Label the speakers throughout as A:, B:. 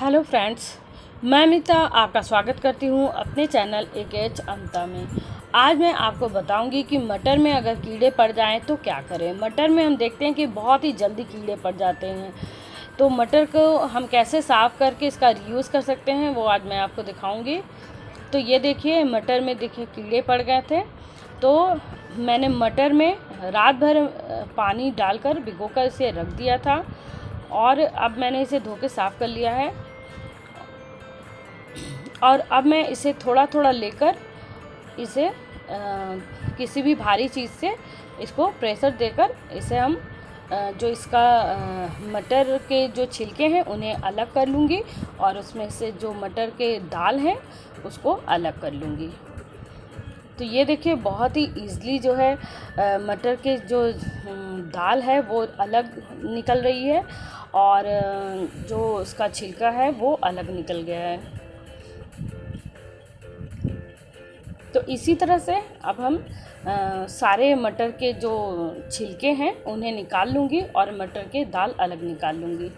A: hello friends मैं मिता आपका स्वागत करती हूँ अपने चैनल एक एच अंता में आज मैं आपको बताऊंगी कि मटर में अगर कीड़े पड़ जाएं तो क्या करें मटर में हम देखते हैं कि बहुत ही जल्दी कीड़े पड़ जाते हैं तो मटर को हम कैसे साफ़ करके इसका रीयूज़ कर सकते हैं वो आज मैं आपको दिखाऊंगी तो ये देखिए मटर में देखिए कीड़े पड़ गए थे तो मैंने मटर में रात भर पानी डालकर भिगो कर इसे रख दिया था और अब मैंने इसे धो के साफ़ कर लिया है और अब मैं इसे थोड़ा थोड़ा लेकर इसे आ, किसी भी भारी चीज़ से इसको प्रेशर देकर इसे हम जो इसका मटर के जो छिलके हैं उन्हें अलग कर लूँगी और उसमें से जो मटर के दाल हैं उसको अलग कर लूँगी तो ये देखिए बहुत ही ईजली जो है मटर के जो दाल है वो अलग निकल रही है और जो उसका छिलका है वो अलग निकल गया है तो इसी तरह से अब हम आ, सारे मटर के जो छिलके हैं उन्हें निकाल लूँगी और मटर के दाल अलग निकाल लूँगी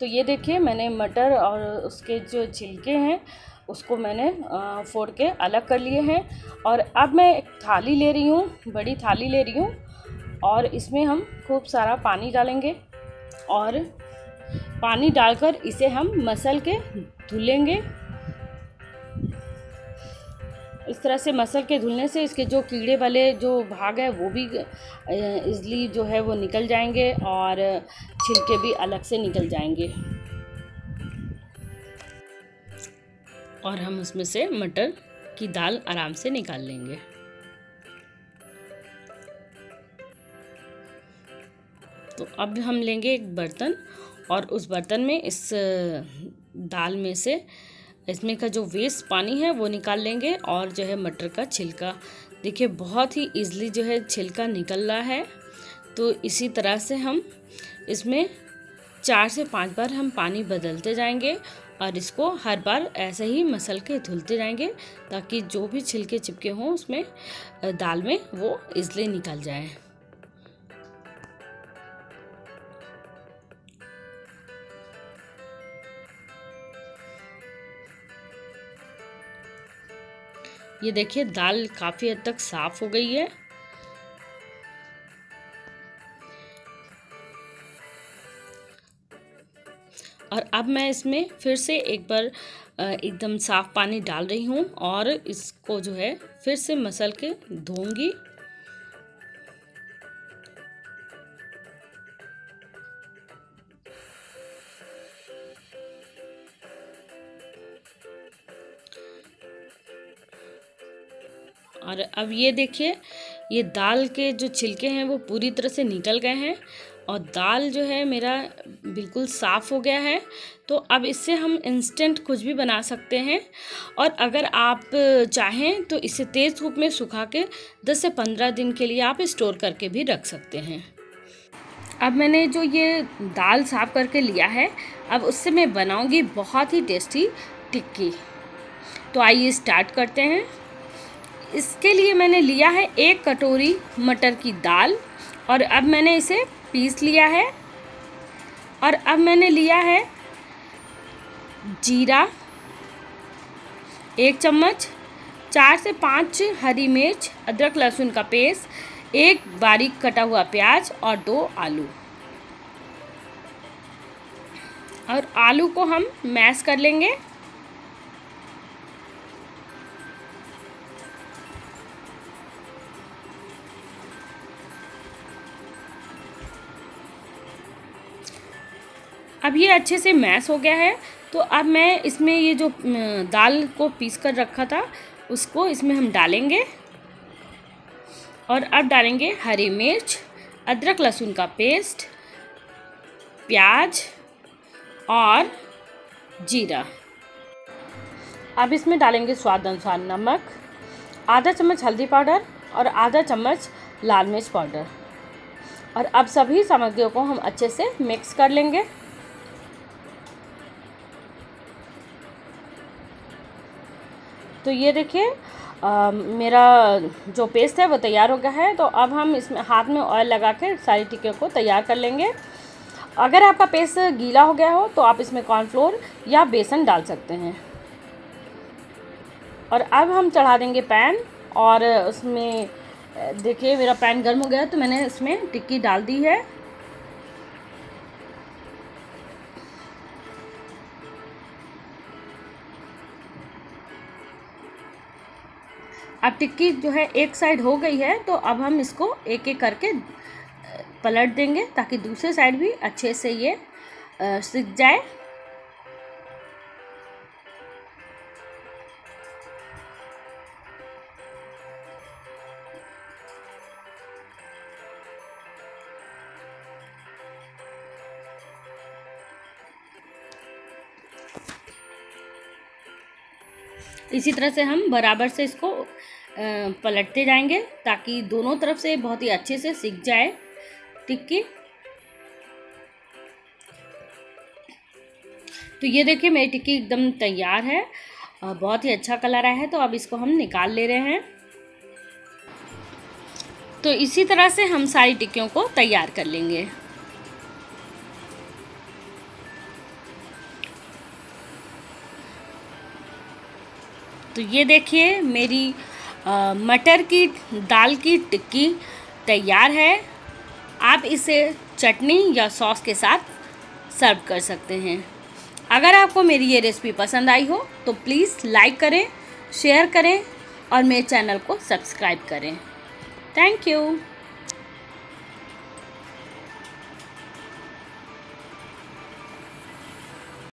A: तो ये देखिए मैंने मटर और उसके जो छिलके हैं उसको मैंने फोड़ के अलग कर लिए हैं और अब मैं एक थाली ले रही हूँ बड़ी थाली ले रही हूँ और इसमें हम खूब सारा पानी डालेंगे और पानी डालकर इसे हम मसल के धुलेंगे इस तरह से मसल के धुलने से इसके जो कीड़े वाले जो भाग है वो भी इजली जो है वो निकल जाएंगे और छिलके भी अलग से निकल जाएंगे और हम उसमें से मटर की दाल आराम से निकाल लेंगे तो अब हम लेंगे एक बर्तन और उस बर्तन में इस दाल में से इसमें का जो वेस्ट पानी है वो निकाल लेंगे और जो है मटर का छिलका देखिए बहुत ही ईजली जो है छिलका निकल रहा है तो इसी तरह से हम इसमें चार से पांच बार हम पानी बदलते जाएंगे और इसको हर बार ऐसे ही मसल के धुलते जाएंगे ताकि जो भी छिलके चिपके हों उसमें दाल में वो इजली निकल जाएँ ये देखिए दाल काफ़ी हद तक साफ़ हो गई है और अब मैं इसमें फिर से एक बार एकदम साफ़ पानी डाल रही हूँ और इसको जो है फिर से मसल के धोऊंगी और अब ये देखिए ये दाल के जो छिलके हैं वो पूरी तरह से निकल गए हैं और दाल जो है मेरा बिल्कुल साफ़ हो गया है तो अब इससे हम इंस्टेंट कुछ भी बना सकते हैं और अगर आप चाहें तो इसे तेज़ धूप में सुखा के 10 से 15 दिन के लिए आप स्टोर करके भी रख सकते हैं अब मैंने जो ये दाल साफ़ करके लिया है अब उससे मैं बनाऊंगी बहुत ही टेस्टी टिक्की तो आइए स्टार्ट करते हैं इसके लिए मैंने लिया है एक कटोरी मटर की दाल और अब मैंने इसे पीस लिया है और अब मैंने लिया है जीरा एक चम्मच चार से पाँच हरी मिर्च अदरक लहसुन का पेस्ट एक बारीक कटा हुआ प्याज और दो आलू और आलू को हम मैश कर लेंगे अब ये अच्छे से मैस हो गया है तो अब मैं इसमें ये जो दाल को पीस कर रखा था उसको इसमें हम डालेंगे और अब डालेंगे हरी मिर्च अदरक लहसुन का पेस्ट प्याज और जीरा अब इसमें डालेंगे स्वाद अनुसार नमक आधा चम्मच हल्दी पाउडर और आधा चम्मच लाल मिर्च पाउडर और अब सभी सामग्रियों को हम अच्छे से मिक्स कर लेंगे तो ये देखिए मेरा जो पेस्ट है वो तैयार हो गया है तो अब हम इसमें हाथ में ऑयल लगा कर सारी टिक्के को तैयार कर लेंगे अगर आपका पेस्ट गीला हो गया हो तो आप इसमें कॉर्नफ्लोर या बेसन डाल सकते हैं और अब हम चढ़ा देंगे पैन और उसमें देखिए मेरा पैन गर्म हो गया तो मैंने इसमें टिक्की डाल दी है अब टिक्की जो है एक साइड हो गई है तो अब हम इसको एक एक करके पलट देंगे ताकि दूसरे साइड भी अच्छे से ये सीख जाए इसी तरह से हम बराबर से इसको पलटते जाएंगे ताकि दोनों तरफ से बहुत ही अच्छे से सीख जाए टिक्की तो ये देखिए मेरी टिक्की एकदम तैयार है बहुत ही अच्छा कलर आया है तो अब इसको हम निकाल ले रहे हैं तो इसी तरह से हम सारी टिक्कियों को तैयार कर लेंगे तो ये देखिए मेरी मटर की दाल की टिक्की तैयार है आप इसे चटनी या सॉस के साथ सर्व कर सकते हैं अगर आपको मेरी ये रेसिपी पसंद आई हो तो प्लीज़ लाइक करें शेयर करें और मेरे चैनल को सब्सक्राइब करें थैंक यू